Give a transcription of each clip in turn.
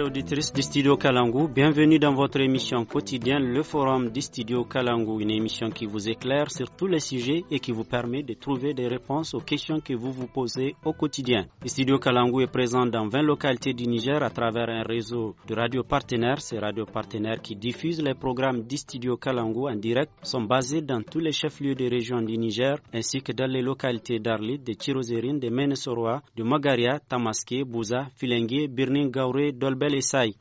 auditrice du Studio Kalangou, bienvenue dans votre émission quotidienne Le Forum du Studio Kalangu, une émission qui vous éclaire sur tous les sujets et qui vous permet de trouver des réponses aux questions que vous vous posez au quotidien. Le Studio Kalangou est présent dans 20 localités du Niger à travers un réseau de radio partenaires. Ces radio partenaires qui diffusent les programmes du Studio Kalangou en direct sont basés dans tous les chefs-lieux des régions du Niger ainsi que dans les localités d'Arlit, de Tirozerine, de Menesoroa, de Magaria, Tamaské, Bouza, Filengue, Birning, Gauré,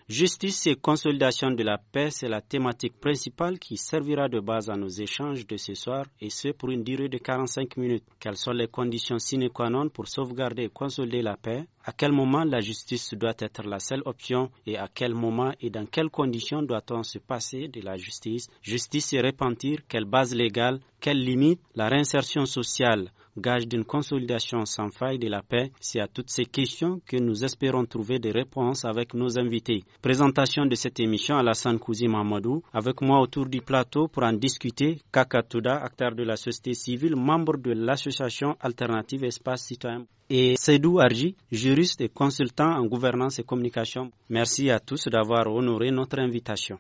Justice et consolidation de la paix, c'est la thématique principale qui servira de base à nos échanges de ce soir et ce pour une durée de 45 minutes. Quelles sont les conditions sine qua non pour sauvegarder et consolider la paix À quel moment la justice doit être la seule option et à quel moment et dans quelles conditions doit-on se passer de la justice Justice et repentir, quelle base légale quelles limites La réinsertion sociale, gage d'une consolidation sans faille de la paix, c'est à toutes ces questions que nous espérons trouver des réponses avec nos invités. Présentation de cette émission à la cousine Mamadou, avec moi autour du plateau pour en discuter, Kakatouda, acteur de la société civile, membre de l'association Alternative Espace Citoyen, et Seydou Arji, juriste et consultant en gouvernance et communication. Merci à tous d'avoir honoré notre invitation.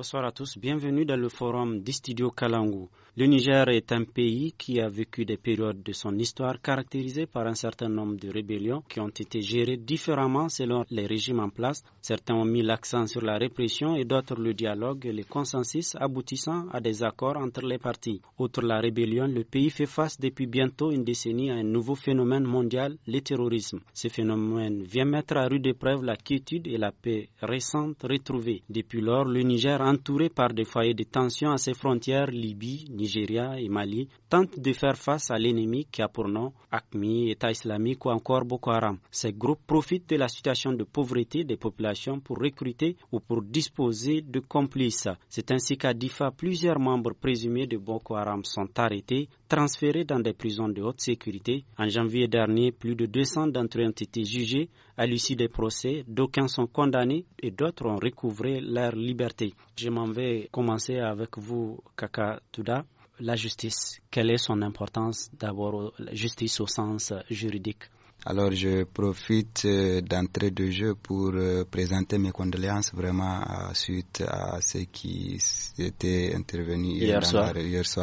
Bonsoir à tous, bienvenue dans le forum du studio Kalangu. Le Niger est un pays qui a vécu des périodes de son histoire caractérisées par un certain nombre de rébellions qui ont été gérées différemment selon les régimes en place. Certains ont mis l'accent sur la répression et d'autres le dialogue et le consensus aboutissant à des accords entre les partis. Outre la rébellion, le pays fait face depuis bientôt une décennie à un nouveau phénomène mondial, le terrorisme. Ce phénomène vient mettre à rude épreuve la quiétude et la paix récentes retrouvées. Depuis lors, le Niger Entourés par des foyers de tension à ses frontières Libye, Nigeria et Mali, tentent de faire face à l'ennemi qui a pour nom ACMI, État islamique ou encore Boko Haram. Ces groupes profitent de la situation de pauvreté des populations pour recruter ou pour disposer de complices. C'est ainsi qu'à Difa, plusieurs membres présumés de Boko Haram sont arrêtés, transférés dans des prisons de haute sécurité. En janvier dernier, plus de 200 d'entre eux ont été jugés à l'issue des procès. D'aucuns sont condamnés et d'autres ont recouvré leur liberté. Je m'en vais commencer avec vous, Kaka Touda. La justice, quelle est son importance d'abord, la justice au sens juridique alors je profite euh, d'entrée de jeu pour euh, présenter mes condoléances vraiment euh, suite à ce qui étaient intervenu hier, soir.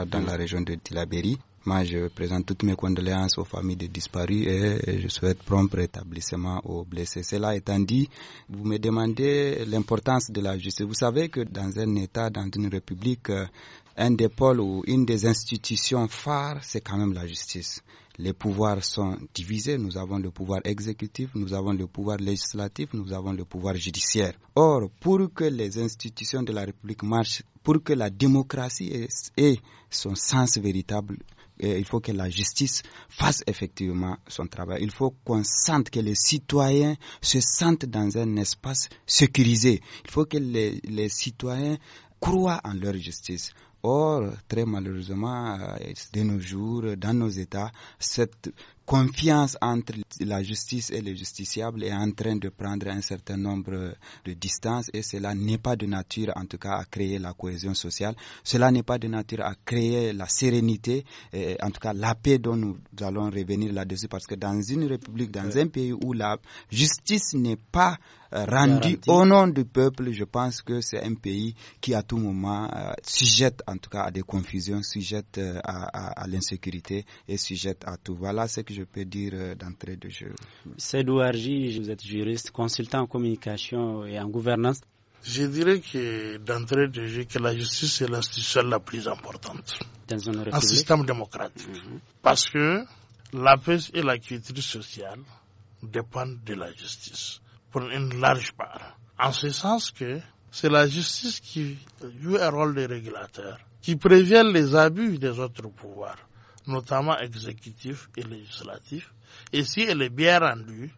dans mm. la région de Tilaberi. Moi, je présente toutes mes condoléances aux familles des disparus et je souhaite prompt rétablissement aux blessés. Cela étant dit, vous me demandez l'importance de la justice. Vous savez que dans un État, dans une République, euh, un des pôles ou une des institutions phares, c'est quand même la justice. Les pouvoirs sont divisés. Nous avons le pouvoir exécutif, nous avons le pouvoir législatif, nous avons le pouvoir judiciaire. Or, pour que les institutions de la République marchent, pour que la démocratie ait son sens véritable, il faut que la justice fasse effectivement son travail. Il faut qu'on sente que les citoyens se sentent dans un espace sécurisé. Il faut que les, citoyens croient en leur justice. Or, très malheureusement, euh, de nos jours, dans nos États, cette confiance entre la justice et les justiciables est en train de prendre un certain nombre de distances et cela n'est pas de nature en tout cas à créer la cohésion sociale, cela n'est pas de nature à créer la sérénité, et en tout cas la paix dont nous allons revenir là-dessus parce que dans une république, dans un pays où la justice n'est pas euh, rendue au nom du peuple, je pense que c'est un pays qui à tout moment euh, sujette en tout cas à des confusions, sujette euh, à, à l'insécurité et sujette à tout. Voilà ce que je peux dire, euh, d'entrée de jeu. c'est Arji, vous êtes juriste, consultant en communication et en gouvernance. Je dirais que d'entrée de jeu, que la justice est l'institution la plus importante. Dans un, système démocratique. Mhm. Parce que la paix et la culture sociale dépendent de la justice, pour une large part. En ce sens que c'est la justice qui joue un rôle de régulateur, qui prévient les abus des autres pouvoirs notamment exécutif et législatif. Et si elle est bien rendue,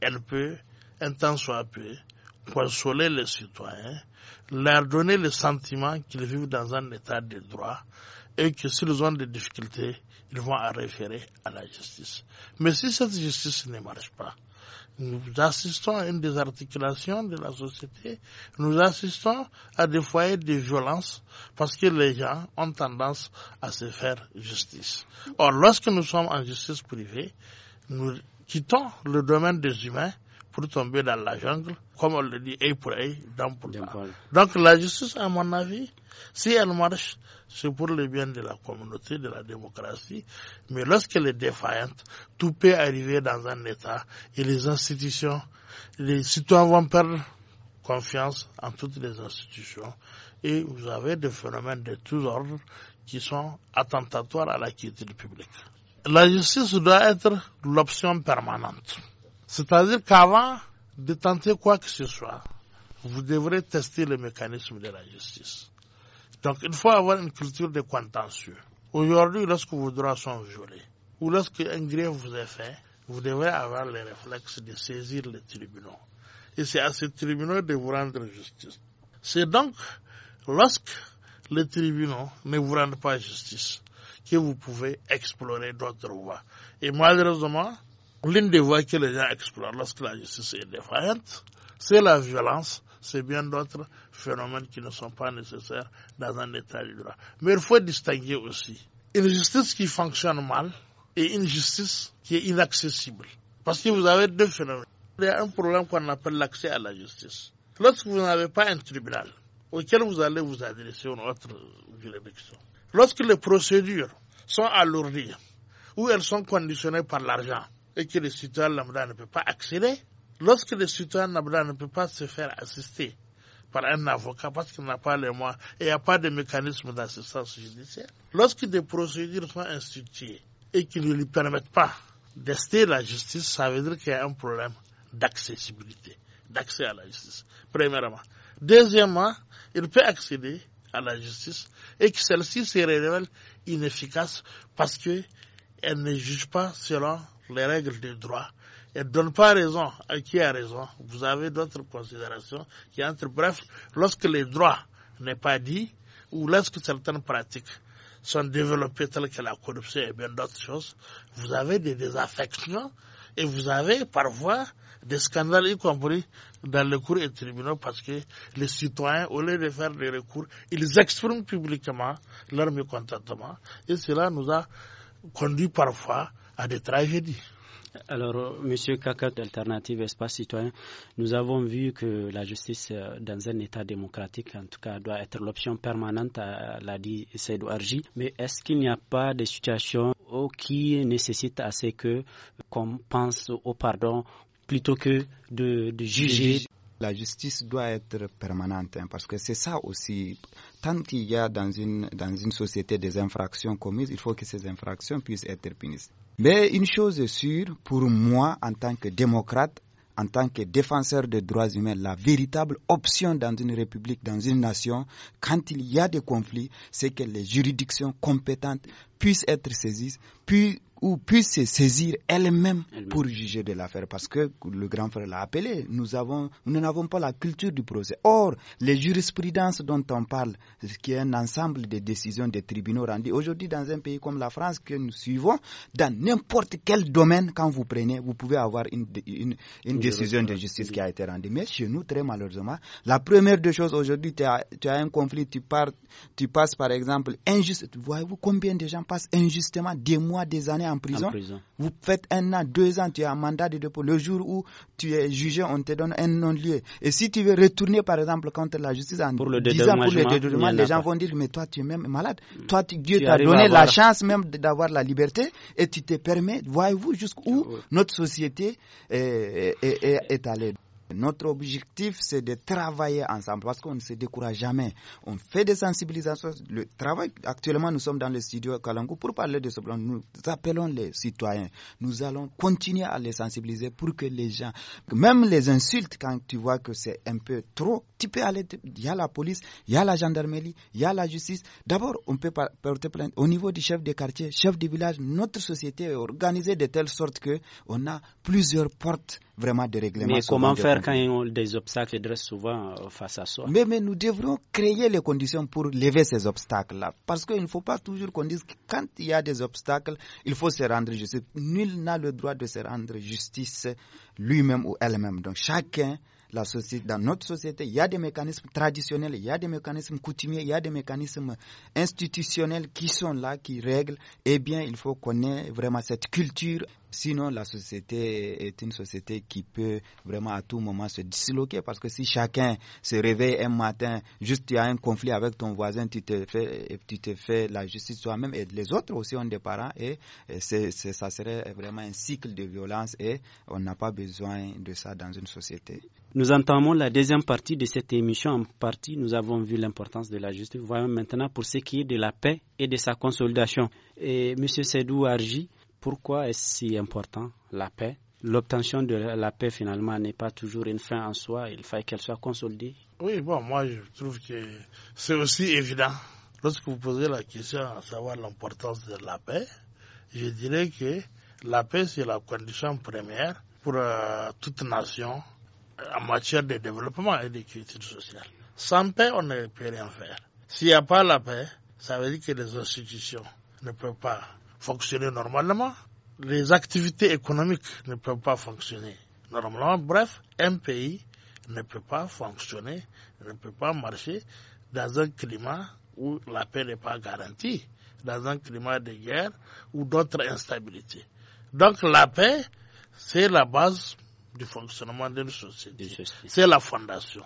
elle peut, un temps soit peu, consoler les citoyens, leur donner le sentiment qu'ils vivent dans un état de droit et que s'ils ont des difficultés, ils vont en référer à la justice. Mais si cette justice ne marche pas, nous assistons à une désarticulation de la société. Nous assistons à des foyers de violence parce que les gens ont tendance à se faire justice. Or, lorsque nous sommes en justice privée, nous quittons le domaine des humains pour tomber dans la jungle, comme on le dit, œil pour œil, dent pour dent. Donc la justice, à mon avis, si elle marche, c'est pour le bien de la communauté, de la démocratie. Mais lorsqu'elle est défaillante, tout peut arriver dans un État et les institutions, les citoyens vont perdre confiance en toutes les institutions. Et vous avez des phénomènes de tous ordres qui sont attentatoires à la quiétude publique. La justice doit être l'option permanente. C'est-à-dire qu'avant de tenter quoi que ce soit, vous devrez tester le mécanisme de la justice. Donc il faut avoir une culture de contentieux. Aujourd'hui, lorsque vos droits sont violés, ou lorsque un grief vous est fait, vous devrez avoir le réflexe de saisir les tribunaux. Et c'est à ces tribunaux de vous rendre justice. C'est donc lorsque les tribunaux ne vous rendent pas justice que vous pouvez explorer d'autres voies. Et malheureusement, l'une des voies que les gens explorent lorsque la justice est défaillante, c'est la violence, c'est bien d'autres phénomènes qui ne sont pas nécessaires dans un état de droit. Mais il faut distinguer aussi une justice qui fonctionne mal et une justice qui est inaccessible. Parce que vous avez deux phénomènes. Il y a un problème qu'on appelle l'accès à la justice. Lorsque vous n'avez pas un tribunal auquel vous allez vous adresser à une autre juridiction, lorsque les procédures sont alourdies ou elles sont conditionnées par l'argent, que le citoyen lambda ne peut pas accéder, lorsque le citoyen lambda ne peut pas se faire assister par un avocat parce qu'il n'a pas les moyens et il n'y a pas de mécanisme d'assistance judiciaire, lorsque des procédures sont instituées et qui ne lui permettent pas d'ester la justice, ça veut dire qu'il y a un problème d'accessibilité, d'accès à la justice, premièrement. Deuxièmement, il peut accéder à la justice et que celle-ci se révèle inefficace parce qu'elle ne juge pas selon les règles du droit et ne donne pas raison à qui a raison. Vous avez d'autres considérations qui entrent. Bref, lorsque les droits n'est pas dit ou lorsque certaines pratiques sont développées telles que la corruption et bien d'autres choses, vous avez des désaffections et vous avez parfois des scandales, y compris dans les cours et tribunaux, parce que les citoyens, au lieu de faire des recours, ils expriment publiquement leur mécontentement et cela nous a conduit parfois à Alors, euh, Monsieur Kakat, Alternative Espace Citoyen, nous avons vu que la justice euh, dans un État démocratique, en tout cas, doit être l'option permanente, euh, l'a dit Seydou Arji. Mais est-ce qu'il n'y a pas des situations oh, qui nécessitent à ce que qu'on pense au pardon plutôt que de, juger la justice doit être permanente, hein, parce que c'est ça aussi. Tant qu'il y a dans une, dans une société des infractions commises, il faut que ces infractions puissent être punies. Mais une chose est sûre, pour moi, en tant que démocrate, en tant que défenseur des droits humains, la véritable option dans une république, dans une nation, quand il y a des conflits, c'est que les juridictions compétentes puissent être saisies, puis ou puisse se saisir elle-même pour juger de l'affaire. Parce que le grand frère l'a appelé, nous avons, nous n'avons pas la culture du procès. Or, les jurisprudences dont on parle, ce qui est un ensemble de décisions des tribunaux rendues aujourd'hui dans un pays comme la France que nous suivons, dans n'importe quel domaine, quand vous prenez, vous pouvez avoir une, une, décision de justice qui a été rendue. Mais chez nous, très malheureusement, la première des choses aujourd'hui, tu as, tu as un conflit, tu pars, tu passes par exemple injuste. Voyez-vous combien de gens passent injustement des mois, des années en prison. Vous faites un an, deux ans, tu as un mandat de dépôt. Le jour où tu es jugé, on te donne un non-lieu. Et si tu veux retourner, par exemple, contre la justice en pour pour le les gens vont dire Mais toi, tu es même malade. Toi, tu, Dieu t'a donné la chance même d'avoir la liberté et tu te permets, voyez-vous jusqu'où notre société est, est allée. Notre objectif, c'est de travailler ensemble parce qu'on ne se décourage jamais. On fait des sensibilisations. Le travail, actuellement, nous sommes dans le studio Kalangu pour parler de ce plan. Nous appelons les citoyens. Nous allons continuer à les sensibiliser pour que les gens, même les insultes, quand tu vois que c'est un peu trop, tu peux aller. Il y a la police, il y a la gendarmerie, il y a la justice. D'abord, on peut porter plainte au niveau du chef de quartier, chef de village. Notre société est organisée de telle sorte qu'on a plusieurs portes vraiment des règlements. Mais comment faire quand des obstacles se dressent souvent euh, face à soi mais, mais nous devrons créer les conditions pour lever ces obstacles-là. Parce qu'il ne faut pas toujours qu'on dise que quand il y a des obstacles, il faut se rendre justice. Nul n'a le droit de se rendre justice lui-même ou elle-même. Donc chacun la société, dans notre société, il y a des mécanismes traditionnels, il y a des mécanismes coutumiers, il y a des mécanismes institutionnels qui sont là, qui règlent. Eh bien, il faut qu'on ait vraiment cette culture. Sinon, la société est une société qui peut vraiment à tout moment se disloquer parce que si chacun se réveille un matin, juste il y a un conflit avec ton voisin, tu te fais, tu te fais la justice toi-même et les autres aussi ont des parents et, ça serait vraiment un cycle de violence et on n'a pas besoin de ça dans une société. Nous entamons la deuxième partie de cette émission. En partie, nous avons vu l'importance de la justice. Voyons maintenant pour ce qui est de la paix et de sa consolidation. Et M. Sedou Arji, pourquoi est-ce si important la paix L'obtention de la paix, finalement, n'est pas toujours une fin en soi. Il faut qu'elle soit consolidée. Oui, bon, moi, je trouve que c'est aussi évident. Lorsque vous posez la question à savoir l'importance de la paix, je dirais que la paix, c'est la condition première pour euh, toute nation euh, en matière de développement et d'équité sociale. Sans paix, on ne peut rien faire. S'il n'y a pas la paix, ça veut dire que les institutions ne peuvent pas fonctionner normalement, les activités économiques ne peuvent pas fonctionner normalement. Bref, un pays ne peut pas fonctionner, ne peut pas marcher dans un climat où la paix n'est pas garantie, dans un climat de guerre ou d'autres instabilités. Donc la paix, c'est la base du fonctionnement d'une société. sociétés, C'est la fondation.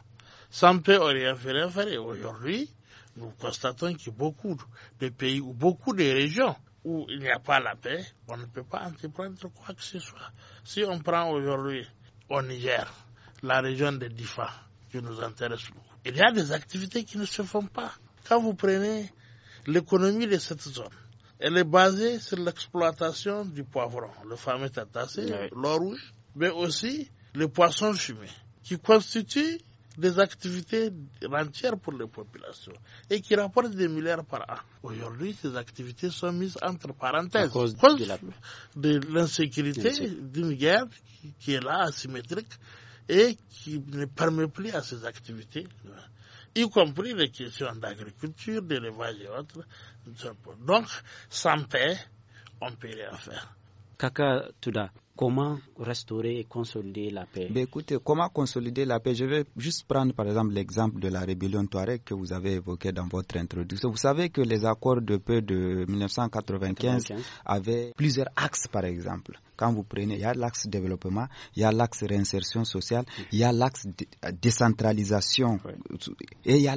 Sans paix, on rien fait, Et aujourd'hui, nous constatons que beaucoup de pays ou beaucoup de régions où il n'y a pas la paix, on ne peut pas entreprendre quoi que ce soit. Si on prend aujourd'hui au Niger, la région de Difa, qui nous intéresse beaucoup, il y a des activités qui ne se font pas. Quand vous prenez l'économie de cette zone, elle est basée sur l'exploitation du poivron, le fameux tatassé, l'eau rouge, mais aussi les poissons fumés, qui constituent des activités rentières pour les populations et qui rapportent des milliards par an. Aujourd'hui, ces activités sont mises entre parenthèses à de l'insécurité d'une guerre qui est là, asymétrique, et qui ne permet plus à ces activités, y compris les questions d'agriculture, d'élevage et autres. Donc, sans paix, on ne peut rien faire. Kaka Tuda Comment restaurer et consolider la paix ben, Écoutez, comment consolider la paix Je vais juste prendre par exemple l'exemple de la rébellion Touareg que vous avez évoqué dans votre introduction. Vous savez que les accords de paix de 1995 avaient plusieurs axes par exemple. Quand vous prenez, il y a l'axe développement, il y a l'axe réinsertion sociale, il y a l'axe décentralisation et il y a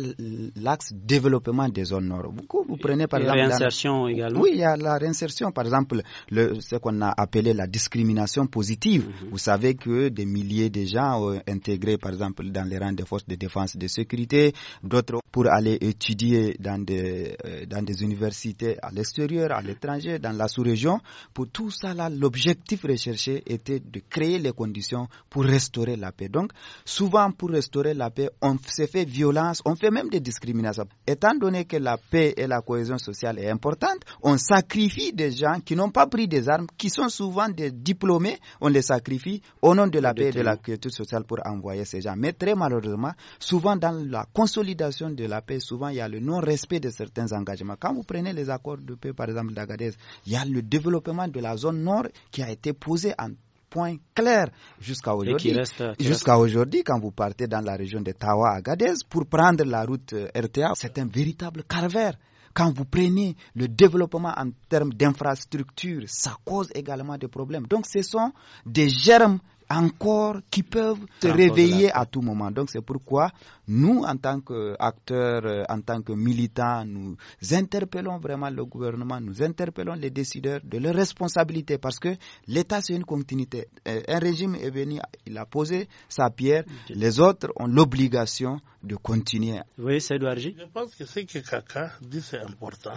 l'axe développement des zones nord. Vous, vous prenez par La réinsertion également. Oui, il y a la réinsertion. Par exemple, le, ce qu'on a appelé la discrimination positive. Mhm. Vous savez que des milliers de gens ont intégré, par exemple, dans les rangs des forces de défense et de sécurité, d'autres pour aller étudier dans des, euh, dans des universités à l'extérieur, à l'étranger, dans la sous-région. Pour tout ça, là, l'objectif recherché était de créer les conditions pour restaurer la paix. Donc, souvent, pour restaurer la paix, on se fait violence, on fait même des discriminations. Étant donné que la paix et la cohésion sociale est importante, on sacrifie des gens qui n'ont pas pris des armes, qui sont souvent des diplômés, on les sacrifie au nom de la paix et de la culture sociale pour envoyer ces gens. Mais très malheureusement, souvent dans la consolidation de la paix, souvent il y a le non-respect de certains engagements. Quand vous prenez les accords de paix, par exemple d'Agadez, il y a le développement de la zone nord qui a été été posé en point clair jusqu'à aujourd'hui. Jusqu'à aujourd'hui, quand vous partez dans la région de Tawa à Gadez, pour prendre la route euh, RTA, c'est un véritable calvaire. Quand vous prenez le développement en termes d'infrastructures, ça cause également des problèmes. Donc ce sont des germes encore qui peuvent se réveiller à tout moment. Donc c'est pourquoi nous, en tant qu'acteurs, euh, en tant que militants, nous interpellons vraiment le gouvernement, nous interpellons les décideurs de leurs responsabilités parce que l'État, c'est une continuité. Euh, un régime est venu, il a posé sa pierre, les autres ont l'obligation de continuer. Oui, c'est Je pense que ce que Kaka dit, c'est important.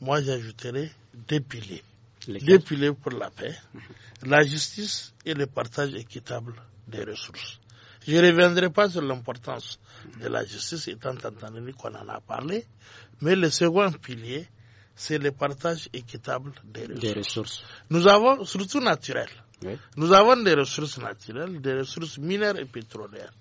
Moi, j'ajouterai des piliers les piliers pour la paix, la justice et le partage équitable des ressources. Je ne reviendrai pas sur l'importance de la justice, étant entendu qu'on en a parlé, mais le second pilier, c'est le partage équitable des ressources. Nous avons, surtout naturel, nous avons des ressources naturelles, des ressources minères et pétrolières.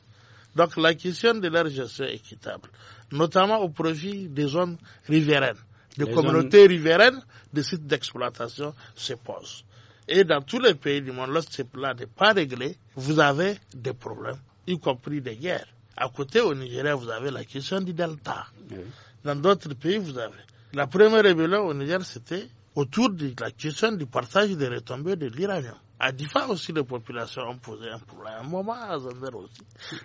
Donc la question de leur gestion équitable, notamment au profit des zones riveraines, des les communautés riveraines des sites d'exploitation se posent. Et dans tous les pays du monde, lorsque ce plan n'est pas réglé, vous avez des problèmes, y compris des guerres. À côté, au Nigeria, vous avez la question du delta. Dans d'autres pays, vous avez. La première rébellion au Niger, c'était autour de la question du partage des retombées de l'Iranien. À Difa aussi, les populations ont posé un problème. À un moment, à aussi.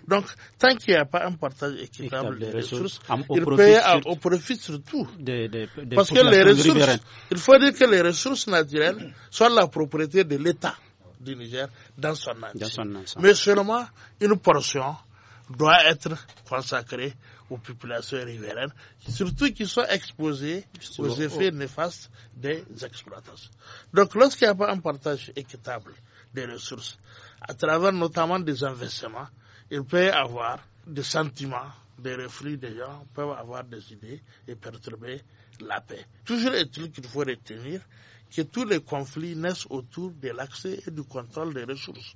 Donc, tant qu'il n'y a pas un partage équitable des ressources, il paye au profit surtout. Des, Parce que les ressources, il faut dire que les ressources naturelles sont la propriété de l'État du Niger dans son, dans son ensemble. Mais seulement une portion doit être consacrée aux populations riveraines, surtout qu'ils soient exposés aux effets oh. néfastes des exploitations. Donc lorsqu'il n'y a pas un partage équitable des ressources, à travers notamment des investissements, il peut y avoir des sentiments, des reflux des gens, peuvent avoir des idées et perturber la paix. Toujours est-il qu'il faut retenir que tous les conflits naissent autour de l'accès et du contrôle des ressources.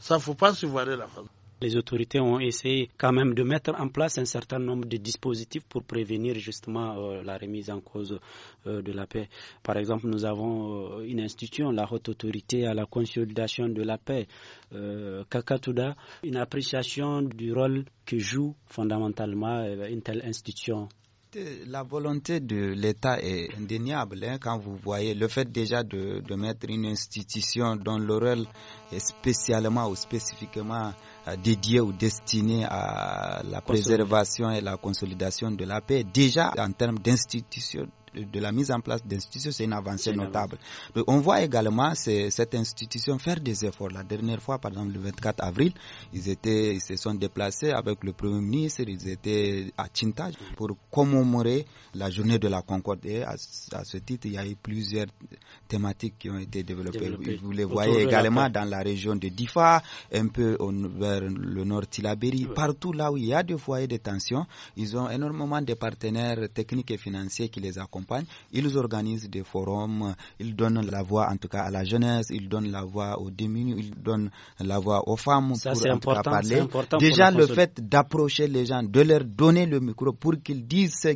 Ça ne faut pas se voiler la face les autorités ont essayé quand même de mettre en place un certain nombre de dispositifs pour prévenir justement euh, la remise en cause euh, de la paix. Par exemple, nous avons euh, une institution, la haute autorité à la consolidation de la paix, Kakatouda, une appréciation du rôle que joue fondamentalement une telle institution la volonté de l'État est indéniable. Hein, quand vous voyez le fait déjà de, de mettre une institution dont le rôle est spécialement ou spécifiquement euh, dédié ou destiné à la préservation et la consolidation de la paix, déjà en termes d'institution de la mise en place d'institutions, c'est une avancée notable. on voit également cette institution faire des efforts. La dernière fois, par exemple, le 24 avril, ils, étaient, ils se sont déplacés avec le Premier ministre, ils étaient à Tintage pour commémorer la journée de la Concorde. Et à, ce titre, il y a eu plusieurs thématiques qui ont été développées. Vous les voyez également dans la région de Difa, un peu vers le nord Tilaberi, partout là où il y a des foyers de tension, ils ont énormément de partenaires techniques et financiers qui les accompagnent ils organisent des forums, ils donnent la voix en tout cas à la jeunesse, ils donnent la voix aux démunis, ils donnent la voix aux femmes pour en parler. Déjà le fait d'approcher les gens, de leur donner le micro pour qu'ils disent ce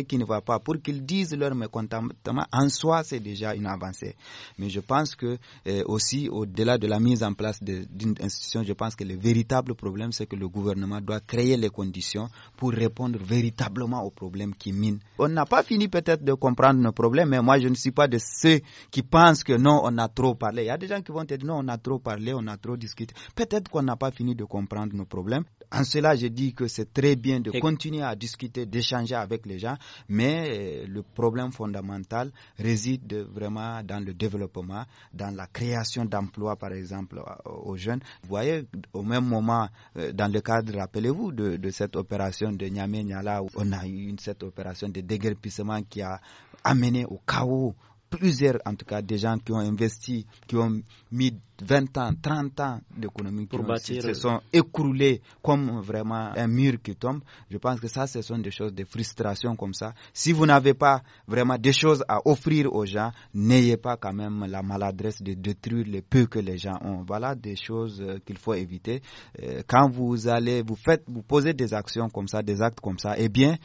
qui, ne va pas, pour qu'ils disent leur mécontentement, en soi c'est déjà une avancée. Mais je pense que euh, aussi au-delà de la mise en place d'une institution, je pense que le véritable problème c'est que le gouvernement doit créer les conditions pour répondre véritablement aux problèmes qui minent. On n'a pas fini peut-être de comprendre nos problèmes, mais moi, je ne suis pas de ceux qui pensent que non, on a trop parlé. Il y a des gens qui vont te dire non, on a trop parlé, on a trop discuté. Peut-être qu'on n'a pas fini de comprendre nos problèmes en cela, je dis que c'est très bien de continuer à discuter, d'échanger avec les gens, mais euh, le problème fondamental réside vraiment dans le développement, dans la création d'emplois, par exemple, euh, aux jeunes. Vous voyez, au même moment, euh, dans le cadre, rappelez-vous, de, cette opération de Niamey-Niala, on a eu cette opération de déguerpissement qui a amené au chaos plusieurs, en tout cas, des gens qui ont investi, qui ont mis 20 ans, 30 ans d'économie qui bâtir... se euh, sont écroulés comme vraiment un mur qui tombe. Je pense que ça, ce sont des choses, de frustration comme ça. Si vous n'avez pas vraiment des choses à offrir aux gens, n'ayez pas quand même la maladresse de détruire le peu que les gens ont. Voilà des choses euh, qu'il faut éviter. Euh, quand vous allez, vous faites, vous posez des actions comme ça, des actes comme ça, eh bien,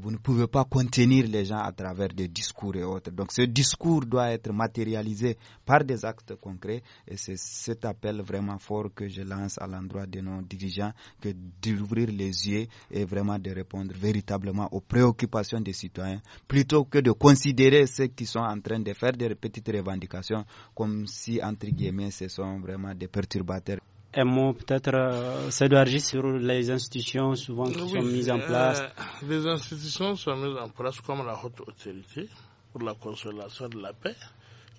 vous ne pouvez pas contenir les gens à travers des discours et autres. Donc ce discours doit être matérialisé par des actes concrets et c'est c'est cet appel vraiment fort que je lance à l'endroit de nos dirigeants, que d'ouvrir les yeux et vraiment de répondre véritablement aux préoccupations des citoyens, plutôt que de considérer ceux qui sont en train de faire des petites revendications comme si, entre guillemets, ce sont vraiment des perturbateurs un mot peut-être, c'est euh, d'agir sur les institutions souvent qui sont mises en euh, place. les institutions sont mises en place comme la haute autorité pour la consolation de la paix,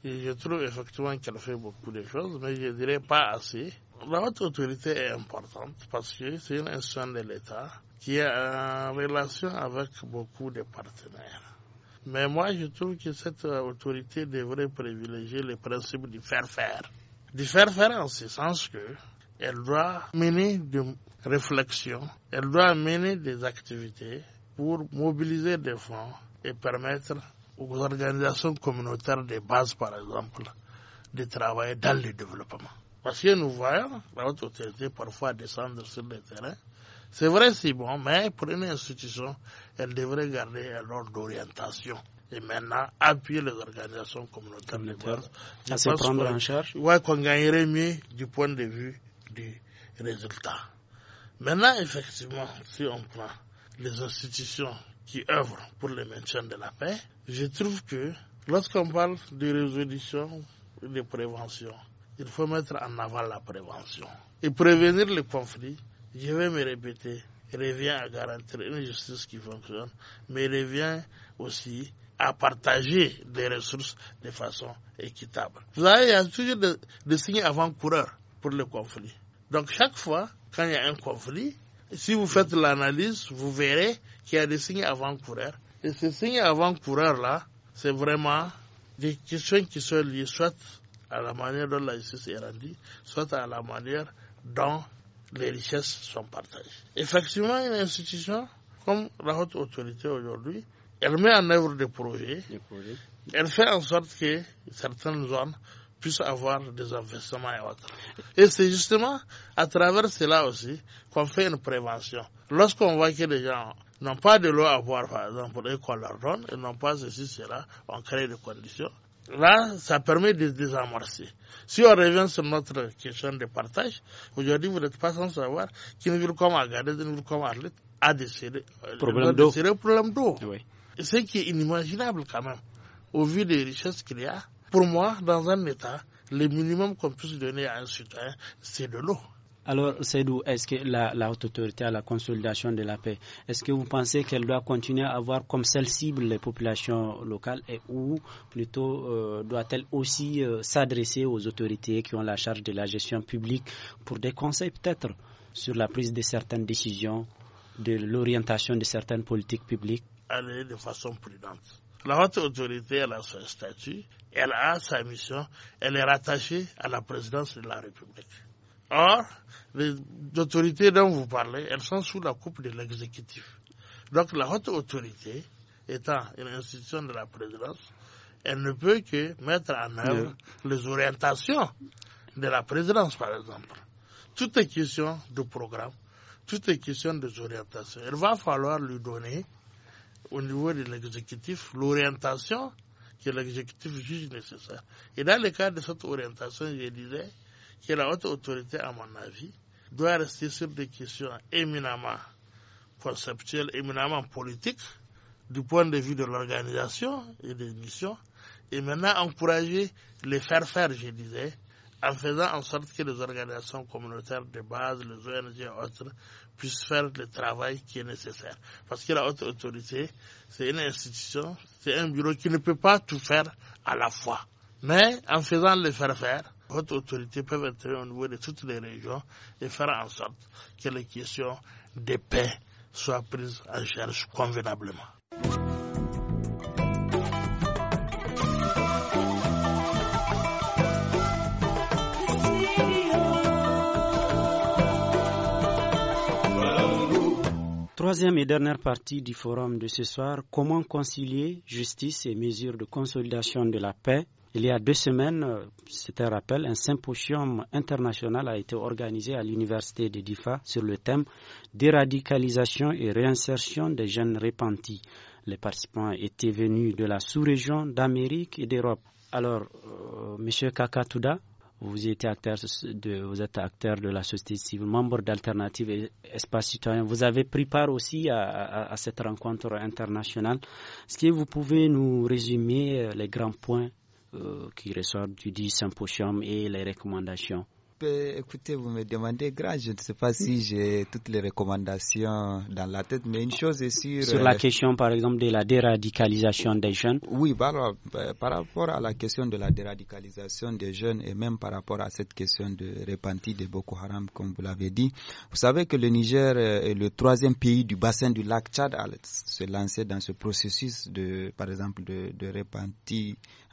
je trouve effectivement qu'elle fait beaucoup de choses, mais je ne dirais pas assez. La haute autorité est importante parce que c'est une institution de l'État qui est en relation avec beaucoup de partenaires. Mais moi, je trouve que cette autorité devrait privilégier le principe du faire-faire. Du faire-faire en ce sens que elle doit mener des réflexions, elle doit mener des activités pour mobiliser des fonds et permettre aux organisations communautaires de base, par exemple, de travailler dans le développement. Parce que nous voyons la haute parfois descendre sur le terrain. C'est vrai, c'est bon, mais pour une institution, elle devrait garder un ordre d'orientation et maintenant appuyer les organisations communautaires de base. À se prendre en charge Ouais, qu'on gagnerait mieux du point de vue du résultat. Maintenant, effectivement, si on prend les institutions qui œuvrent pour le maintien de la paix, je trouve que lorsqu'on parle de résolution et de prévention, il faut mettre en avant la prévention. Et prévenir les conflits, je vais me répéter, revient à garantir une justice qui fonctionne, mais revient aussi à partager des ressources de façon équitable. Vous savez, il y a toujours des, des signes avant-coureurs pour le conflit. Donc chaque fois, quand il y a un conflit, si vous faites l'analyse, vous verrez qui a des signes avant-coureurs. Et ces signes avant-coureurs-là, c'est vraiment des questions qui sont liées soit à la manière dont la justice est rendue, soit à la manière dont les richesses sont partagées. Effectivement, une institution comme la haute autorité aujourd'hui, elle met en œuvre des projets, des projets. elle fait en sorte que certaines zones puisse avoir des investissements et autres. Et c'est justement à travers cela aussi qu'on fait une prévention. Lorsqu'on voit que les gens n'ont pas de l'eau à boire, par exemple, et qu'on leur donne, et n'ont pas ceci, cela, on crée des conditions. Là, ça permet de désamorcer. Si on revient sur notre question de partage, aujourd'hui, vous n'êtes pas sans savoir qu'une ville comme Agadez, une ville comme Arlette, a décidé euh, problème d'eau. problème d'eau. Oui. c'est qui est inimaginable quand même, au vu des richesses qu'il y a pour moi, dans un État, le minimum qu'on puisse donner à un citoyen, c'est de l'eau. Alors, d'où est-ce que la, haute autorité à la consolidation de la paix, est-ce que vous pensez qu'elle doit continuer à avoir comme celle cible les populations locales et ou plutôt euh, doit-elle aussi euh, s'adresser aux autorités qui ont la charge de la gestion publique pour des conseils peut-être sur la prise de certaines décisions, de l'orientation de certaines politiques publiques Aller de façon prudente. La haute autorité, elle a son statut, elle a sa mission, elle est rattachée à la présidence de la République. Or, les autorités dont vous parlez, elles sont sous la coupe de l'exécutif. Donc la haute autorité, étant une institution de la présidence, elle ne peut que mettre en œuvre les orientations de la présidence, par exemple. Tout est question de programme, tout est question des orientations. Il va falloir lui donner au niveau de l'exécutif l'orientation que l'exécutif juge nécessaire. Et dans le cadre de cette orientation, je disais que la haute autorité, à mon avis, doit rester sur des questions éminemment conceptuelles, éminemment politiques, du point de vue de l'organisation et des missions, et maintenant encourager les faire faire, je disais, en faisant en sorte que les organisations communautaires de base, les ONG et autres, puisse faire le travail qui est nécessaire. Parce que la haute autorité, c'est une institution, c'est un bureau qui ne peut pas tout faire à la fois. Mais en faisant le faire faire, haute autorité peut être au niveau de toutes les régions et faire en sorte que les questions de paix soient prises en charge convenablement. troisième et dernière partie du forum de ce soir, comment concilier justice et mesures de consolidation de la paix il y a deux semaines, euh, c'est un rappel, un symposium international a été organisé à l'université de Difa sur le thème déradicalisation et réinsertion des jeunes repentis. Les participants étaient venus de la sous-région d'Amérique et d'Europe. Alors, euh, M. Kakatouda, vous, êtes acteur de, vous êtes acteur de la société civile, membre d'Alternative Espace Citoyen. Vous avez pris part aussi à, cette rencontre internationale. Est-ce que vous pouvez nous résumer euh, les grands points euh, qui ressortent du dit symposium et les recommandations écoutez, vous me demandez grâce. Je ne sais pas si j'ai toutes les recommandations dans la tête, mais une chose est sûre. Sur la euh, question, par exemple, de la déradicalisation des jeunes Oui, bah bah, par, rapport à la question de la déradicalisation des jeunes et même par rapport à cette question de répandre de Boko Haram, comme vous l'avez dit, vous savez que le Niger euh, est le troisième pays du bassin du lac Tchad à se lancer dans ce processus, de, par exemple, de, de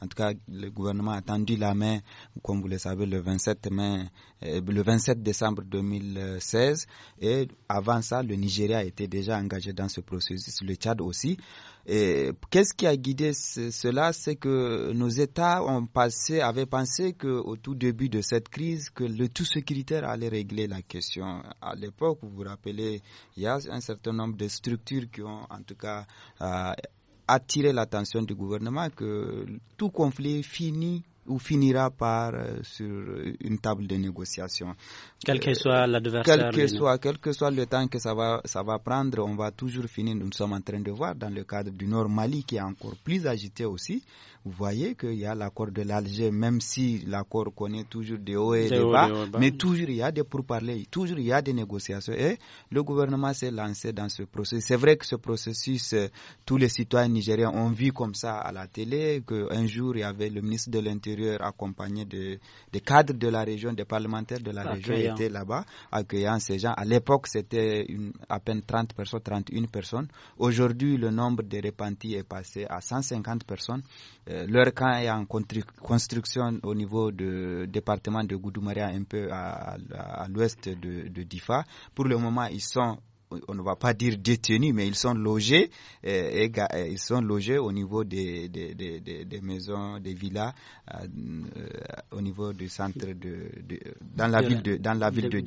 en tout cas, le gouvernement a tendu la main, comme vous le savez, le 27, mai, euh, le 27 décembre 2016. Et avant ça, le Nigeria était déjà engagé dans ce processus, le Tchad aussi. Et Qu'est-ce qui a guidé cela C'est que nos États avaient pensé qu'au tout début de cette crise, que le tout sécuritaire allait régler la question. À l'époque, vous vous rappelez, il y a un certain nombre de structures qui ont en tout cas euh, attirer l'attention du gouvernement que tout conflit finit ou finira par euh, sur une table de négociation. Quel que soit euh, l'adversaire. Quel, quel que soit, le temps que ça va, ça va prendre, on va toujours finir. Nous sommes en train de voir dans le cadre du Nord Mali qui est encore plus agité aussi. Vous voyez qu'il y a l'accord de l'Alger, même si l'accord connaît toujours des hauts et des, bas, des bas, mais toujours il y a des pourparlers, toujours il y a des négociations. Et le gouvernement s'est lancé dans ce processus. C'est vrai que ce processus, euh, tous les citoyens nigériens ont vu comme ça à la télé, qu'un jour il y avait le ministre de l'Intérieur extérieur accompagné de, des cadres de la région, des parlementaires de la région étaient là-bas accueillant ces gens. À l'époque, c'était à peine 30 personnes, 31 personnes. Aujourd'hui, le nombre de repentis est passé à 150 personnes. Euh, leur camp est en construction au niveau du département de Goudoumaria, un peu à, l'ouest de Difa. Pour le moment, ils sont on ne va pas dire détenus, mais ils sont logés, euh, et, euh, ils sont logés au niveau des, des, des, maisons, des villas, euh, au niveau du centre de, dans la ville de dans la ville de,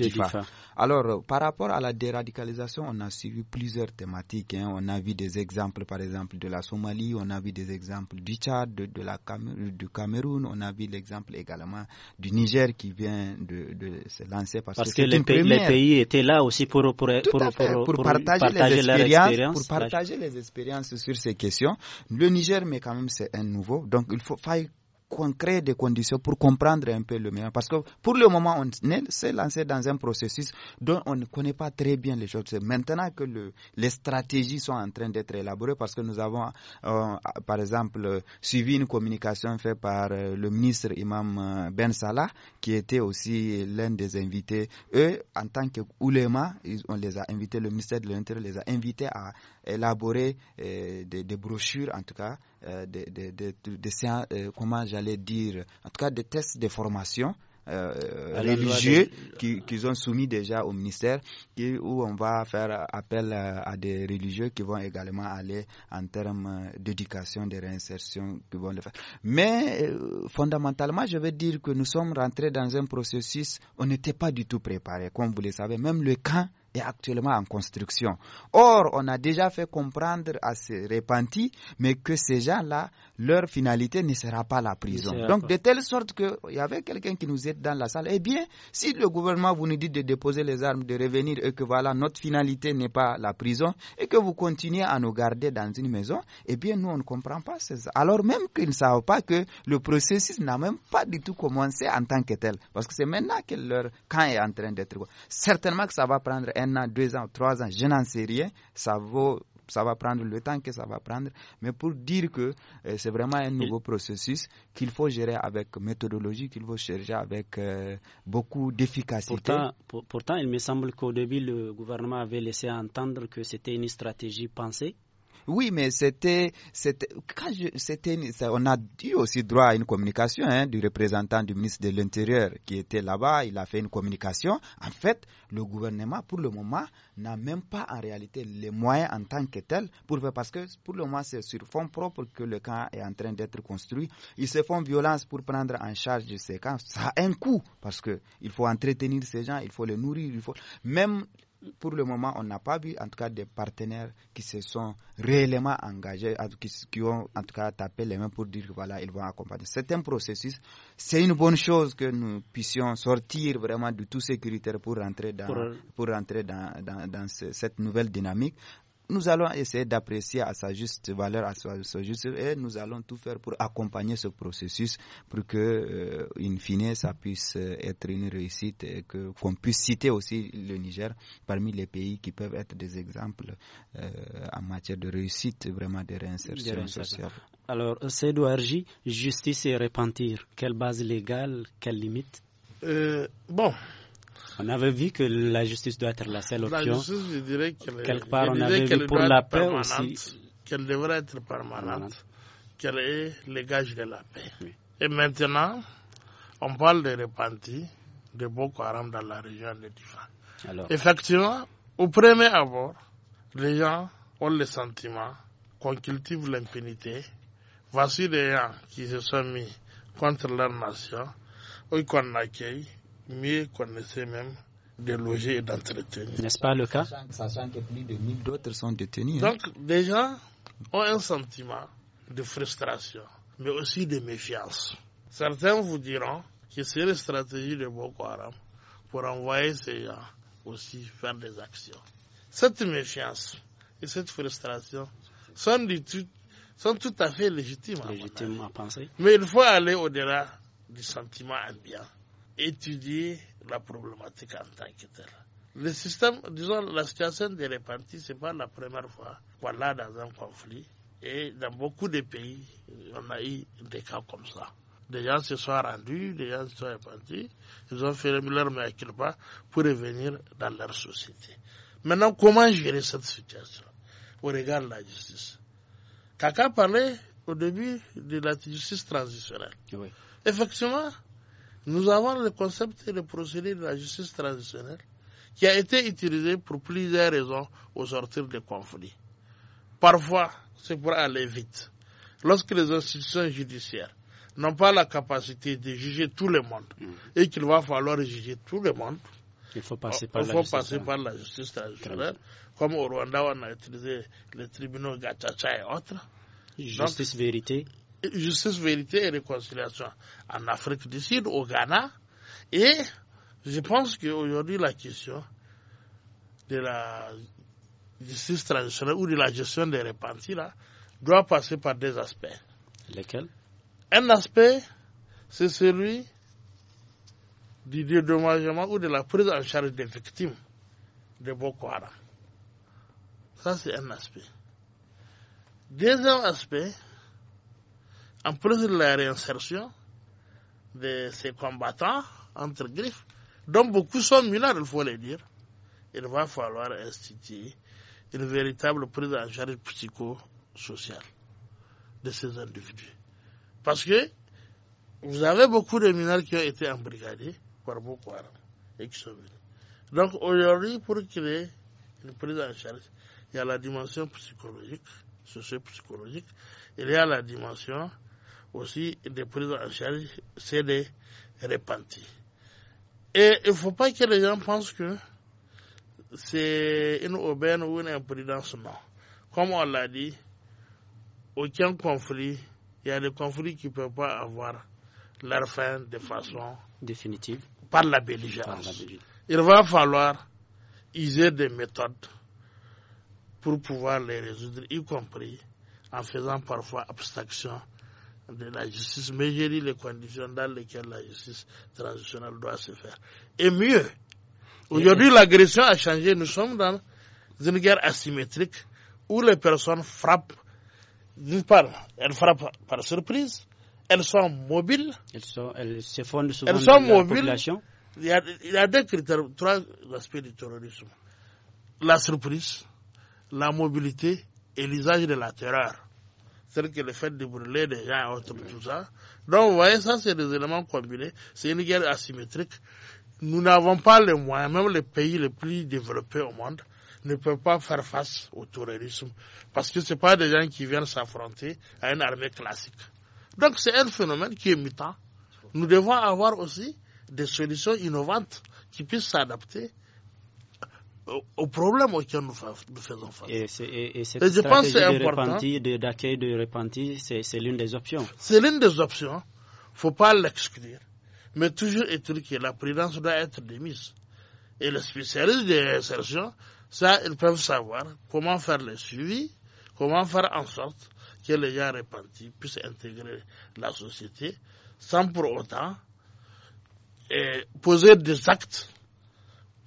Alors, par rapport à la déradicalisation, on a suivi plusieurs thématiques. Hein. On a vu des exemples, par exemple, de la Somalie, on a vu des exemples du Tchad, de, la du Cameroun, on a vu l'exemple également du Niger qui vient de, se lancer parce, que, les, pays, étaient là aussi pour, pour, partager, les expériences, pour partager les expériences sur ces questions. Le Niger, mais quand même, c'est un nouveau. Donc, il faut faille qu'on crée des conditions pour comprendre un peu le meilleur. Parce que pour le moment, on s'est lancé dans un processus dont on ne connaît pas très bien les choses. C'est maintenant que les stratégies sont en train d'être élaborées parce que nous avons, euh, par exemple, suivi une communication faite par euh, le ministre Imam euh, Ben Salah, qui était aussi l'un des invités. Eux, en tant que on les a invités, le ministère de l'Intérieur les a invités à élaborer des brochures, en tout cas, euh, des, de euh, comment j'allais dire, en tout cas des tests de formation. Euh, religieux qu'ils ont soumis déjà au ministère, et où on va faire appel à, des religieux qui vont également aller en termes d'éducation, de réinsertion, qui vont le faire. Mais fondamentalement, je veux dire que nous sommes rentrés dans un processus, on n'était pas du tout préparé, comme vous le savez, même le camp est actuellement en construction. Or, on a déjà fait comprendre à ces repentis, mais que ces gens-là, leur finalité ne sera pas la prison. Donc, de telle sorte qu'il y avait quelqu'un qui nous aide dans la salle. Eh bien, si le gouvernement vous nous dit de déposer les armes, de revenir et que voilà, notre finalité n'est pas la prison et que vous continuez à nous garder dans une maison, eh bien, nous, on ne comprend pas ça. Alors même qu'ils ne savent pas que le processus n'a même pas du tout commencé en tant que tel. Parce que c'est maintenant que leur camp est en train d'être. Certainement que ça va prendre un un an, deux ans, trois ans, je n'en sais rien. Ça vaut ça va prendre le temps que ça va prendre, mais pour dire que euh, c'est vraiment un nouveau processus qu'il faut gérer avec méthodologie, qu'il faut gérer avec euh, beaucoup d'efficacité. pourtant, il me semble qu'au début, le gouvernement avait laissé entendre que c'était une stratégie pensée oui, mais c'était, c'était, on a eu aussi droit à une communication hein, du représentant du ministre de l'Intérieur qui était là-bas. Il a fait une communication. En fait, le gouvernement, pour le moment, n'a même pas en réalité les moyens en tant que tel pour faire, parce que pour le moment, c'est sur fond propre que le camp est en train d'être construit. Ils se font violence pour prendre en charge ces camps. Ça a un coût parce que il faut entretenir ces gens, il faut les nourrir, il faut même pour le moment, on n'a pas vu en tout cas des partenaires qui se sont réellement engagés, qui, ont en tout cas tapé les mains pour dire voilà, ils vont accompagner. C'est un processus. C'est une bonne chose que nous puissions sortir vraiment de tout sécuritaire pour rentrer dans, pour... Euh, rentrer dans, cette nouvelle dynamique nous allons essayer d'apprécier à sa juste valeur, à sa, juste, et nous allons tout faire pour accompagner ce processus pour que, une euh, in fine, ça puisse euh, être une réussite et que, qu'on puisse citer aussi le Niger parmi les pays qui peuvent être des exemples euh, en matière de réussite vraiment de réinsertion, sociale. Alors, Seydou Arji, justice et repentir, quelle base légale, quelle limite Bon, on avait vu que la justice doit être la seule option. La justice, je dirais qu'elle Quelque part, on vu Qu'elle devrait être permanente, qu'elle est le gage de la paix. Et maintenant, on parle de repentis de Boko Haram dans la région de Tifan. Effectivement, au premier abord, les gens ont le sentiment qu'on cultive l'impunité. Voici des gens qui se sont mis contre leur nation, ou qu'on accueille, mieux connaissaient même de loger et d'entretenir. N'est-ce pas le cas Sachant que plus de 1000 d'autres sont détenus. Hein. Donc, des gens ont un sentiment de frustration, mais aussi de méfiance. Certains vous diront que c'est la stratégie de Boko Haram pour envoyer ces gens aussi faire des actions. Cette méfiance et cette frustration sont, tout, sont tout à fait légitimes, penser. Mais il faut aller au-delà du sentiment ambiant étudier la problématique en tant que telle. Le système, disons, la situation des répartis, ce n'est pas la première fois qu'on l'a dans un conflit. Et dans beaucoup de pays, on a eu des cas comme ça. Des gens se sont rendus, des gens se sont répandus. ils ont fait leur meilleur pas pour revenir dans leur société. Maintenant, comment gérer cette situation au regard de la justice Kaka parlait au début de la justice transitionnelle. Oui. Effectivement, nous avons le concept et le procédé de la justice traditionnelle qui a été utilisé pour plusieurs raisons au sortir des conflits. Parfois, c'est pour aller vite. Lorsque les institutions judiciaires n'ont pas la capacité de juger tout le monde mm. et qu'il va falloir juger tout le monde, il faut passer, par, la justice traditionnelle. Comme au Rwanda, on a utilisé les tribunaux Gachacha et autres. Justice vérité justice, vérité et réconciliation en Afrique du Sud, au Ghana. Et je pense qu'aujourd'hui, la question de la justice traditionnelle ou de la gestion des repentis doit passer par deux aspects. Lesquels Un aspect, c'est celui du dédommagement ou de la prise en charge des victimes de Boko Haram. Ça, c'est un aspect. Deuxième aspect, en plus de la réinsertion de ces combattants entre griffes, dont beaucoup sont mineurs, il faut le dire, il va falloir instituer une véritable prise en charge psychosociale de ces individus. Parce que vous avez beaucoup de mineurs qui ont été embrigadés par beaucoup d'armes et qui sont venus. Donc aujourd'hui, pour créer une prise en charge, il y a la dimension psychologique, socio-psychologique, il y a la dimension aussi des prises en charge, c'est des repentis. Et il ne faut pas que les gens pensent que c'est une aubaine ou une imprudence, non. Comme on l'a dit, aucun conflit, il y a des conflits qui ne peuvent pas avoir leur fin de façon définitive par la belligérance. Il va falloir user des méthodes pour pouvoir les résoudre, y compris en faisant parfois abstraction de la justice dit les conditions dans lesquelles la justice transitionnelle doit se faire. Et mieux, aujourd'hui l'agression a changé, nous sommes dans une guerre asymétrique où les personnes frappent, d'une elles frappent par surprise, elles sont mobiles, elles, sont, se fondent mobiles. il, y a, il y, a, deux critères, trois aspects du terrorisme. La surprise, la mobilité et l'usage de la terreur que le fait de brûler des gens et autres, tout ça. Donc, vous voyez, ça, c'est des éléments combinés. C'est une guerre asymétrique. Nous n'avons pas les moyens, même les pays les plus développés au monde ne peuvent pas faire face au terrorisme parce que ce pas des gens qui viennent s'affronter à une armée classique. Donc, c'est un phénomène qui est mutant. Nous devons avoir aussi des solutions innovantes qui puissent s'adapter au problème auquel nous, faisons face. Et, et, et et je pense c'est d'accueil de repentis, c'est l'une des options. C'est l'une des options. faut pas l'exclure. Mais toujours est que la prudence doit être démise. Et les spécialistes des réinsertions, ça, ils peuvent savoir comment faire le suivi, comment faire en sorte que les gens repentis puissent intégrer la société sans pour autant et eh, poser des actes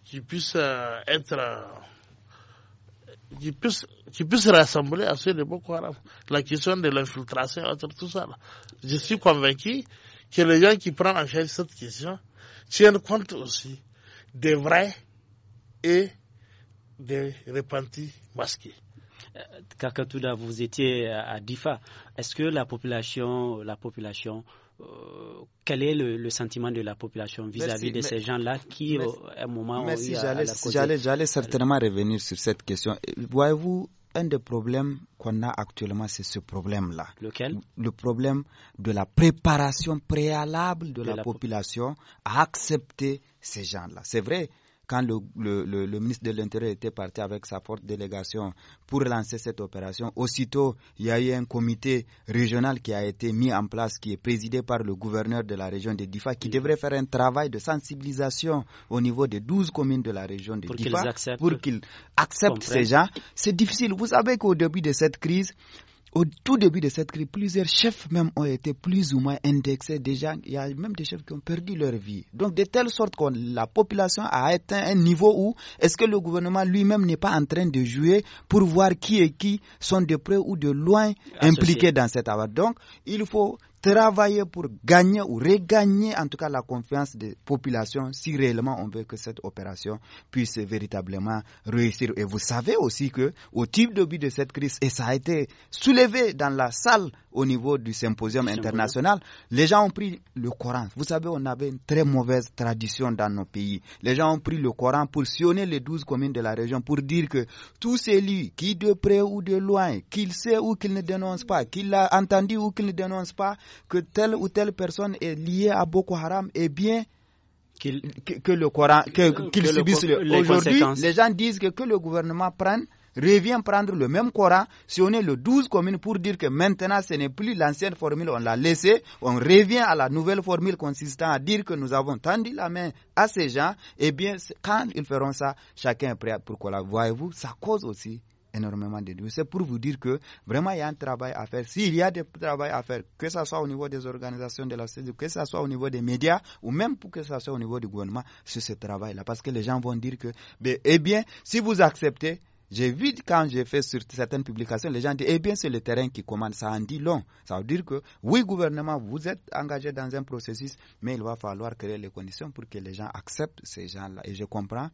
qui puisse euh, être euh, qui puisse, qui puisse rassembler à ceux de Boko Haram. La question de l'infiltration, tout ça. Je suis convaincu que les gens qui prennent en charge cette question tiennent compte aussi des vrais et des repentis masqués. Euh, Kakatouda, vous étiez à Difa. Est-ce que la population, la population euh, quel est le, sentiment de la population vis-à-vis de ces gens-là qui, à un moment, merci, j'allais certainement revenir sur cette question. Voyez-vous, un des problèmes qu'on a actuellement, c'est ce problème-là. Lequel Le problème de la préparation préalable de, la, population à accepter ces gens-là. C'est vrai, quand le, ministre de l'Intérieur était parti avec sa forte délégation pour lancer cette opération, aussitôt, il y a eu un comité régional qui a été mis en place, qui est présidé par le gouverneur de la région de Difa, qui devrait faire un travail de sensibilisation au niveau des 12 communes de la région de pour Difa pour qu'ils acceptent ces gens. C'est difficile. Vous savez qu'au début de cette crise, au tout début de cette crise, plusieurs chefs même ont été plus ou moins indexés. Déjà, il y a même des chefs qui ont perdu leur vie. Donc, de telle sorte que la population a atteint un niveau où est-ce que le gouvernement lui-même n'est pas en train de jouer pour voir qui et qui sont de près ou de loin impliqués dans cette affaire. Donc, il faut travailler pour gagner ou regagner en tout cas la confiance des populations si réellement on veut que cette opération puisse véritablement réussir. Et vous savez aussi que au type but de cette crise, et ça a été soulevé dans la salle au niveau du symposium international, les gens ont pris le Coran. Vous savez, on avait une très mauvaise tradition dans nos pays. Les gens ont pris le Coran pour sionner les douze communes de la région, pour dire que tout celui qui de près ou de loin, qu'il sait ou qu'il ne dénonce pas, qu'il a entendu ou qu'il ne dénonce pas, que telle ou telle personne est liée à Boko Haram, eh bien, que, le Coran, qu'il subisse les Aujourd'hui, les gens disent que, que le gouvernement prenne revient prendre le même Coran, si on est le 12 communes pour dire que maintenant ce n'est plus l'ancienne formule, on l'a laissée, on revient à la nouvelle formule consistant à dire que nous avons tendu la main à ces gens, et eh bien quand ils feront ça, chacun est prêt pour la Voyez-vous, ça cause aussi énormément de C'est pour vous dire que vraiment il y a un travail à faire. S'il y a des travail à faire, que ce soit au niveau des organisations de la société, que ce soit au niveau des médias ou même pour que ce soit au niveau du gouvernement, c'est ce travail-là. Parce que les gens vont dire que, ben, eh bien, si vous acceptez, j'ai vu quand j'ai fait sur certaines publications, les gens disent, eh bien, c'est le terrain qui commande. Ça en dit long. Ça veut dire que, oui, gouvernement, vous êtes engagé dans un processus, mais il va falloir créer les conditions pour que les gens acceptent ces gens-là. Et je comprends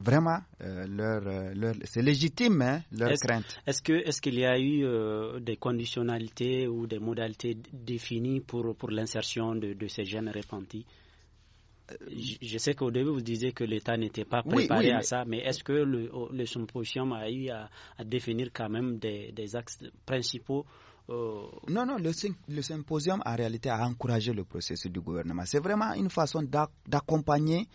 vraiment euh, leur, euh, leur c'est légitime hein, leur crainte. Est-ce qu'il y a eu euh, des conditionnalités ou des modalités définies pour l'insertion de, ces jeunes repentis euh, je sais qu'au début, vous disiez que l'État n'était pas préparé à ça, mais est-ce que le, symposium a eu à, définir quand même des, axes principaux euh, Non, non, le, le, symposium en réalité a encouragé le processus du gouvernement. C'est vraiment une façon d'accompagner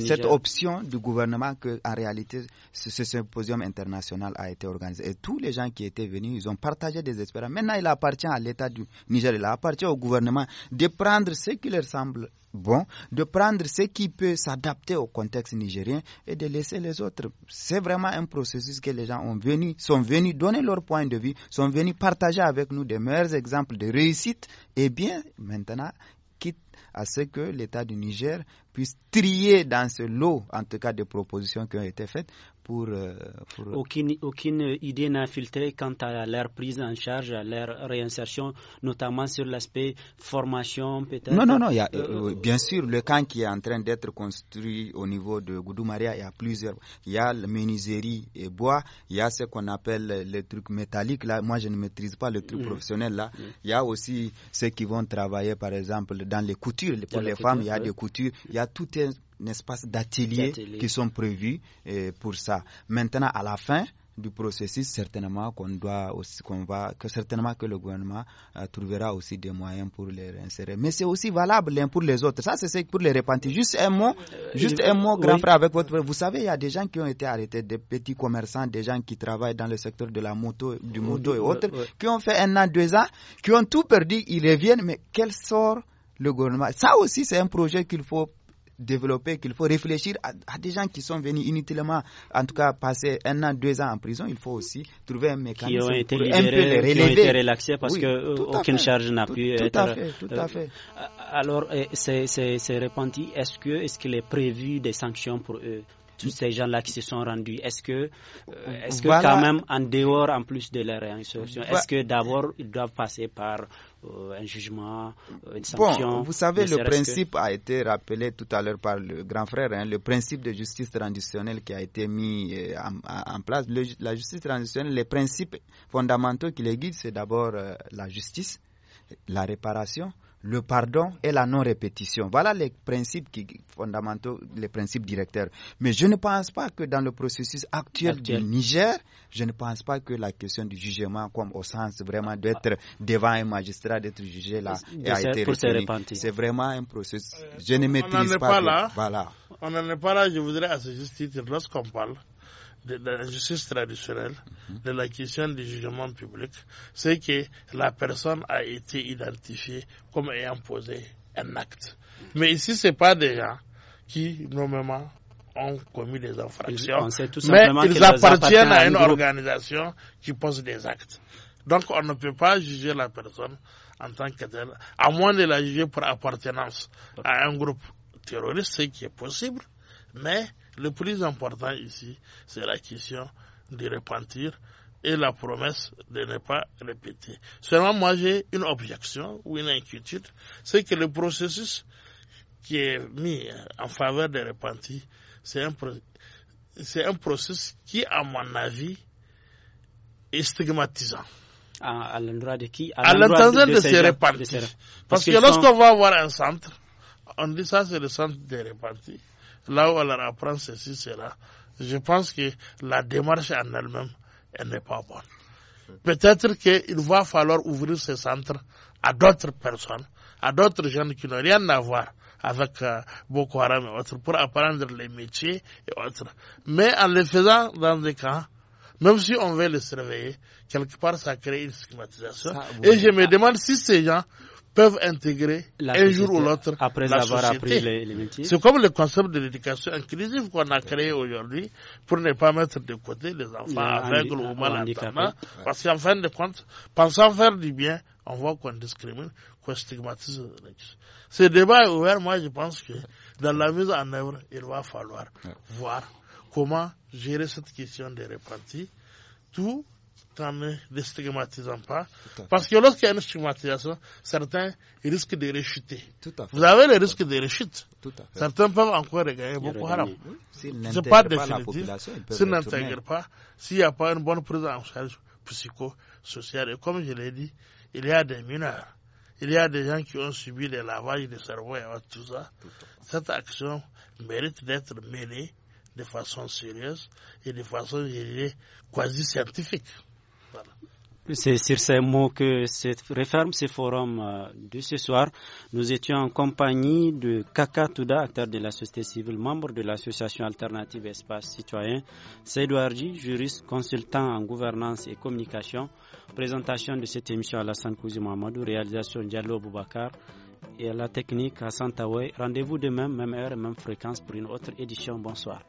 cette option du gouvernement que, en réalité, ce, symposium international a été organisé. Et tous les gens qui étaient venus, ils ont partagé des espérances. Maintenant, il appartient à l'État du Niger, il appartient au gouvernement de prendre ce qui leur semble bon, de prendre ce qui peut s'adapter au contexte nigérien et de laisser les autres. C'est vraiment un processus que les gens ont venu, sont venus donner leur point de vue, sont venus partager avec nous des meilleurs exemples de réussite. Eh bien, maintenant, à ce que l'État du Niger puisse trier dans ce lot, en tout cas, des propositions qui ont été faites pour, euh, euh, Aucune, idée n'a filtré quant à leur prise en charge, à leur réinsertion, notamment sur l'aspect formation peut-être Non, non, non. Euh, bien sûr, le camp qui est en train d'être construit au niveau de Maria, il y a plusieurs. Il y a la menuiserie et bois, il y a ce qu'on appelle les trucs métalliques. Là, moi, je ne maîtrise pas le truc mm. professionnel. Là, mm. il y a aussi ceux qui vont travailler, par exemple, dans les coutures. Pour les, femmes, il y a des coutures. Il y a tout un n'est-ce d'ateliers qui sont prévus euh, pour ça. Maintenant, à la fin, du processus certainement qu'on doit va que certainement que le gouvernement euh, trouvera aussi des moyens pour les réinsérer mais c'est aussi valable l'un hein, pour les autres ça c'est pour les répandir. juste un mot euh, juste un mot grand frère avec votre vous savez il y a des gens qui ont été arrêtés des petits commerçants des gens qui travaillent dans le secteur de la moto du moto et autres qui ont fait un an deux ans qui ont tout perdu ils reviennent mais quel sort le gouvernement ça aussi c'est un projet qu'il faut développer, qu'il faut réfléchir à, des gens qui sont venus inutilement, en tout cas passer un an, deux ans en prison. Il faut aussi trouver un mécanisme qui ont un peu Qui ont été parce que qu'aucune euh, charge n'a pu être. tout à fait. Euh, alors, c'est répandu, Est-ce que est-ce qu'il est prévu des sanctions pour eux? tous ces gens-là qui se sont rendus Est-ce que, euh, est-ce que quand même, en dehors, en plus de la réinsertion, est-ce que d'abord, ils doivent passer par euh, un jugement, euh, Bon, vous savez, le principe a été rappelé tout à l'heure par le grand frère, hein, le principe de justice traditionnelle qui a été mis euh, en, place. la justice traditionnelle, les principes fondamentaux qui les guident, c'est d'abord la justice, la réparation, le pardon et la non-répétition. Voilà les principes qui, fondamentaux, les principes directeurs. Mais je ne pense pas que dans le processus actuel, du Niger, je ne pense pas que la question du jugement, comme au sens vraiment ah. d'être devant un magistrat, d'être jugé là, et a été C'est vraiment un processus. Euh, je ne maîtrise pas. là. On n'en est pas là. Je voudrais à ce juste titre, lorsqu'on parle de la justice traditionnelle, mhm. de la question du jugement public, c'est que la personne a été identifiée comme ayant posé un acte. Mais ici, ce n'est pas des gens qui, normalement, ont commis des infractions, mais ils appartiennent à une organisation qui pose des actes. Donc, on ne peut pas juger la personne en tant que telle, à moins de la juger pour appartenance à un groupe terroriste, ce qui est possible, mais le plus important ici, c'est la question de repentir et la promesse de ne pas répéter. Seulement, moi, j'ai une objection ou une inquiétude, c'est que le processus qui est mis en faveur des repentis, c'est un, processus qui, à mon avis, est stigmatisant. À, l'endroit de qui À, l'endroit de, ces repentis, Parce, que lorsqu'on va avoir un centre, on dit ça, c'est le centre des repentis là où on leur apprend ceci, cela, je pense que la démarche en elle-même, elle, n'est pas bonne. Peut-être qu'il va falloir ouvrir ce centre à d'autres personnes, à d'autres jeunes qui n'ont rien à voir avec euh, Boko Haram et autres pour apprendre les métiers et autres. Mais en les faisant dans des camps, même si on veut les surveiller, quelque part ça crée une stigmatisation. Et je me demande si ces gens peuvent intégrer un jour ou l'autre après la avoir société. appris les, C'est comme le concept de l'éducation inclusive qu'on a créé aujourd'hui pour ne pas mettre de côté les enfants aveugles ou malentendants, parce qu'en fin de compte, pensant faire du bien, on voit qu'on discrimine, qu'on stigmatise. Ce débat est ouvert, moi je pense que dans la mise en œuvre, il va falloir voir comment gérer cette question des répartis, tout ne de stigmatisant pas. Parce que lorsqu'il y a une stigmatisation, certains risquent de réchuter. Vous avez le risque de rechute. Certains peuvent encore regagner beaucoup Haram. C'est pas définitif. S'ils n'intègrent pas, s'il n'y a pas une bonne présence en psychosociale, et comme je l'ai dit, il y a des mineurs. Il y a des gens qui ont subi des lavages de cerveau et tout ça. Cette action mérite d'être menée de façon sérieuse et de façon, quasi scientifique. C'est sur ces mots que se referme ce forum euh, de ce soir. Nous étions en compagnie de Kaka Touda, acteur de la société civile, membre de l'association alternative Espace Citoyen, Seydou juriste, consultant en gouvernance et communication. Présentation de cette émission à la Sankouzi Mamadou, réalisation Diallo Boubacar et à la technique à Santaway. Rendez-vous demain, même heure et même fréquence pour une autre édition. Bonsoir.